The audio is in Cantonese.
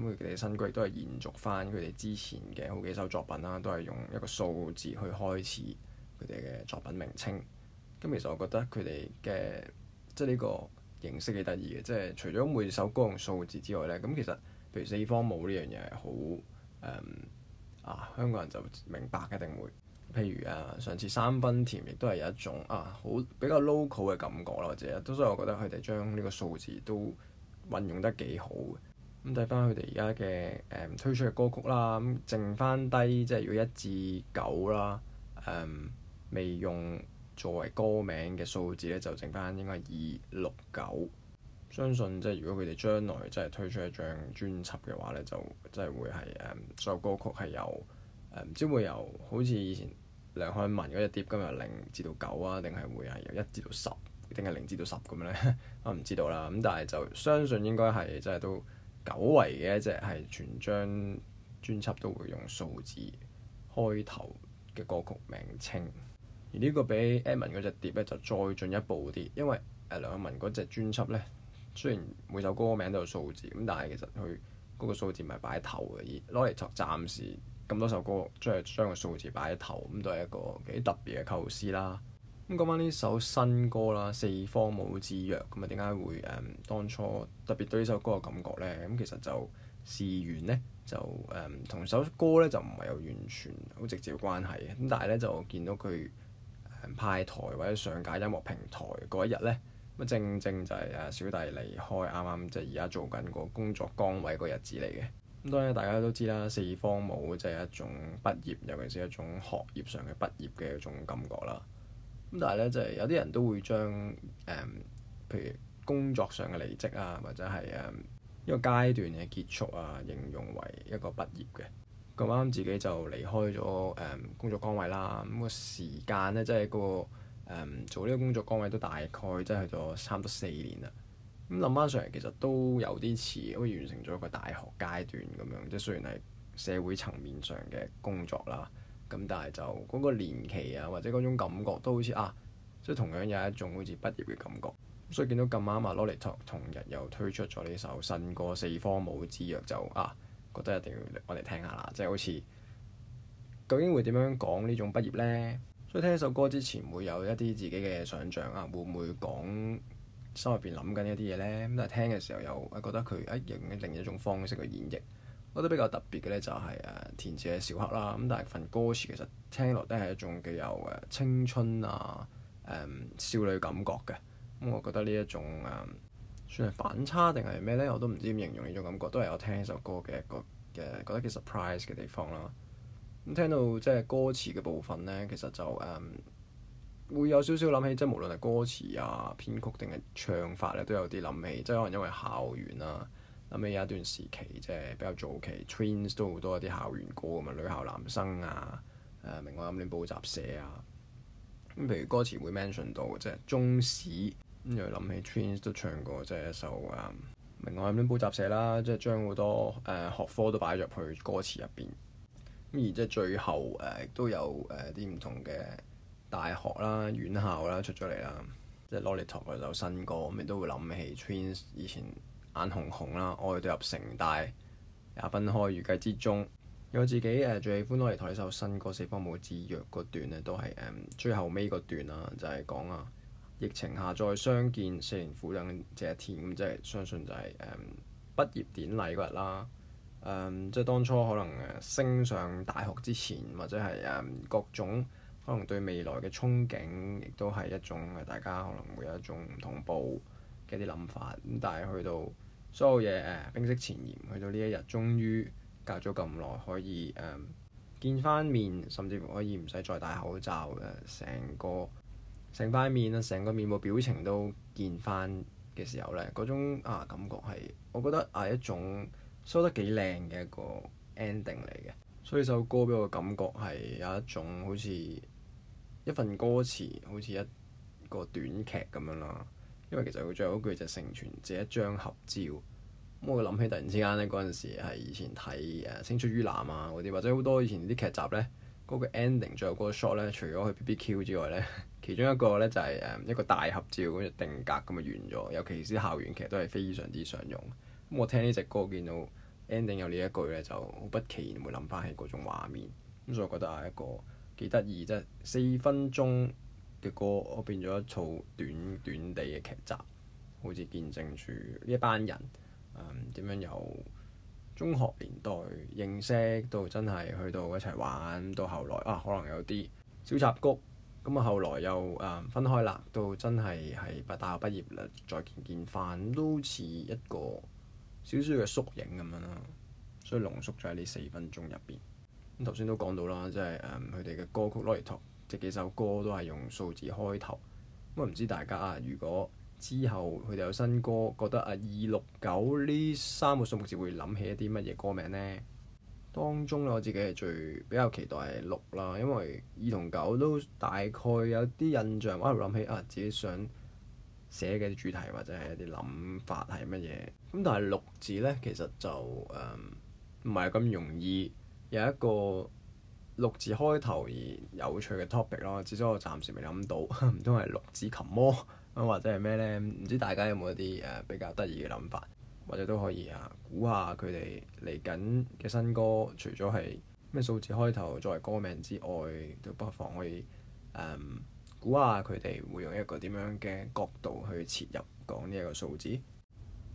咁佢哋新歌亦都係延續翻佢哋之前嘅好幾首作品啦，都係用一個數字去開始佢哋嘅作品名稱。咁其實我覺得佢哋嘅即係呢個形式幾得意嘅，即係除咗每首歌用數字之外咧，咁其實譬如四方帽呢樣嘢係好誒啊，香港人就明白一定會。譬如啊，上次三分甜亦都係有一種啊好比較 local 嘅感覺咯，即係都所以，我覺得佢哋將呢個數字都運用得幾好。咁睇翻佢哋而家嘅誒推出嘅歌曲啦，咁剩翻低即係如果一至九啦，誒、嗯、未用作為歌名嘅數字咧，就剩翻應該二六九。相信即係如果佢哋將來真係推出一張專輯嘅話咧，就真係會係誒、嗯、所有歌曲係由誒，唔、嗯、知會由好似以前梁漢文嗰隻碟今日零至到九啊，定係會係由一至到十，定係零至到十咁樣咧？我唔知道啦。咁但係就相信應該係即係都。久違嘅一隻係全張專輯都會用數字開頭嘅歌曲名稱，而個比呢個俾 Edmond 嗰隻碟咧就再進一步啲，因為誒梁文嗰隻專輯咧雖然每首歌名都有數字咁，但係其實佢嗰個數字唔係擺喺頭嘅，而 Lolly Talk 暫時咁多首歌將將個數字擺喺頭，咁都係一個幾特別嘅構思啦。咁、嗯、講翻呢首新歌啦，《四方帽之約》咁啊，點解會誒當初特別對呢首歌嘅感覺呢？咁、嗯、其實就事緣呢，就誒、嗯、同首歌呢就唔係有完全好直接嘅關係嘅。咁但係呢，就見到佢、嗯、派台或者上架音樂平台嗰一日呢，乜正正就係阿小弟離開啱啱即係而家做緊個工作崗位個日子嚟嘅。咁、嗯、當然大家都知啦，《四方帽》就係一種畢業，尤其係一種學業上嘅畢業嘅一種感覺啦。咁但係咧，就係、是、有啲人都會將誒、嗯，譬如工作上嘅離職啊，或者係誒一個階段嘅結束啊，形容為一個畢業嘅。咁啱自己就離開咗誒、嗯、工作崗位啦。咁、那個時間咧，即、就、係、是、個誒、嗯、做呢個工作崗位都大概即係去咗差唔多四年啦。咁諗翻上嚟，其實都有啲似好似完成咗一個大學階段咁樣，即係雖然係社會層面上嘅工作啦。咁但係就嗰個年期啊，或者嗰種感覺都好似啊，即係同樣有一種好似畢業嘅感覺。所以見到咁啱啊，Lolly 同日又推出咗呢首新歌《信過四方帽之約》，就啊覺得一定要我哋聽下啦。即係好似究竟會點樣講呢種畢業呢？所以聽一首歌之前會有一啲自己嘅想像啊，會唔會講心入邊諗緊一啲嘢呢？咁但係聽嘅時候又覺得佢一樣另一種方式去演繹。覺得比較特別嘅呢、就是，就係誒填詞嘅小克啦，咁但係份歌詞其實聽落都係一種幾有誒青春啊、嗯、少女感覺嘅，咁我覺得呢一種誒、嗯、算係反差定係咩呢？我都唔知點形容呢種感覺，都係我聽呢首歌嘅一個嘅覺得幾 surprise 嘅地方啦。咁聽到即係歌詞嘅部分呢，其實就誒、嗯、會有少少諗起，即、就、係、是、無論係歌詞啊、編曲定係唱法咧，都有啲諗起，即、就、係、是、可能因為校園啊。諗起有一段時期，即係比較早期，Twins 都好多一啲校園歌咁啊，女校男生啊，誒、啊、明愛暗戀補習社啊。咁譬、嗯、如歌詞會 mention 到，即、就、係、是、中史，咁又諗起 Twins 都唱過即係一首啊，就是嗯、明愛暗戀補習社啦，即、就、係、是、將好多誒、呃、學科都擺入去歌詞入邊。咁、嗯、而即係最後誒，亦、呃、都有誒啲唔同嘅大學啦、院校啦出咗嚟啦，即係 Lolly Talk 嗰首新歌，咁亦都會諗起 Twins 以前。眼紅紅啦，愛到入城大也分開預計之中。我自己誒、呃、最喜歡攞嚟台一首新歌《四方帽之約》嗰段咧，都係誒、嗯、最後尾嗰段啦，就係、是、講啊疫情下再相見，四年苦等這一天咁，即係相信就係、是、誒、嗯、畢業典禮嗰日啦。即係當初可能升上大學之前，或者係誒、嗯、各種可能對未來嘅憧憬，亦都係一種大家可能會有一種唔同步。嘅啲諗法，但係去到所有嘢誒、啊、冰釋前嫌，去到呢一日終於隔咗咁耐可以誒、啊、見翻面，甚至乎可以唔使再戴口罩嘅，成個成塊面啊，成個、個面部表情都見翻嘅時候，呢嗰種啊感覺係我覺得係、啊、一種收得幾靚嘅一個 ending 嚟嘅，所以首歌俾我嘅感覺係有一種好似一份歌詞，好似一個短劇咁樣囉。因為其實佢最後嗰句就係成全這一張合照，咁我諗起突然之間咧，嗰陣時係以前睇誒《青出於藍》啊嗰啲，或者好多以前啲劇集咧，嗰個 ending 最後嗰個 shot 咧，除咗去 BBQ 之外咧，其中一個咧就係誒一個大合照咁定格咁就完咗。尤其是校園劇都係非常之常用。咁我聽呢隻歌見到 ending 有呢一句咧，就好不期然會諗翻起嗰種畫面。咁所以我覺得係一個幾得意啫，四分鐘。嘅歌，我變咗一套短短地嘅劇集，好似見證住呢一班人，誒、嗯、點樣由中學年代認識到真係去到一齊玩，到後來啊，可能有啲小插曲，咁啊後來又誒、嗯、分開啦，到真係係大大學畢業啦，再見見返，都似一個少少嘅縮影咁樣啦，所以濃縮咗喺呢四分鐘入邊。咁頭先都講到啦，即係佢哋嘅歌曲《Lolly Talk 這幾首歌都係用數字開頭，咁我唔知大家啊，如果之後佢哋有新歌，覺得啊二六九呢三個數目字會諗起一啲乜嘢歌名呢？當中我自己係最比較期待係六啦，因為二同九都大概有啲印象，可能諗起啊自己想寫嘅主題或者係一啲諗法係乜嘢，咁但係六字呢，其實就誒唔係咁容易有一個。六字開頭而有趣嘅 topic 咯，至少我暫時未諗到，唔通係六字琴魔啊，或者係咩呢？唔知大家有冇一啲誒比較得意嘅諗法，或者都可以啊，估下佢哋嚟緊嘅新歌，除咗係咩數字開頭作為歌名之外，都不妨可以誒估下佢哋會用一個點樣嘅角度去切入講呢一個數字。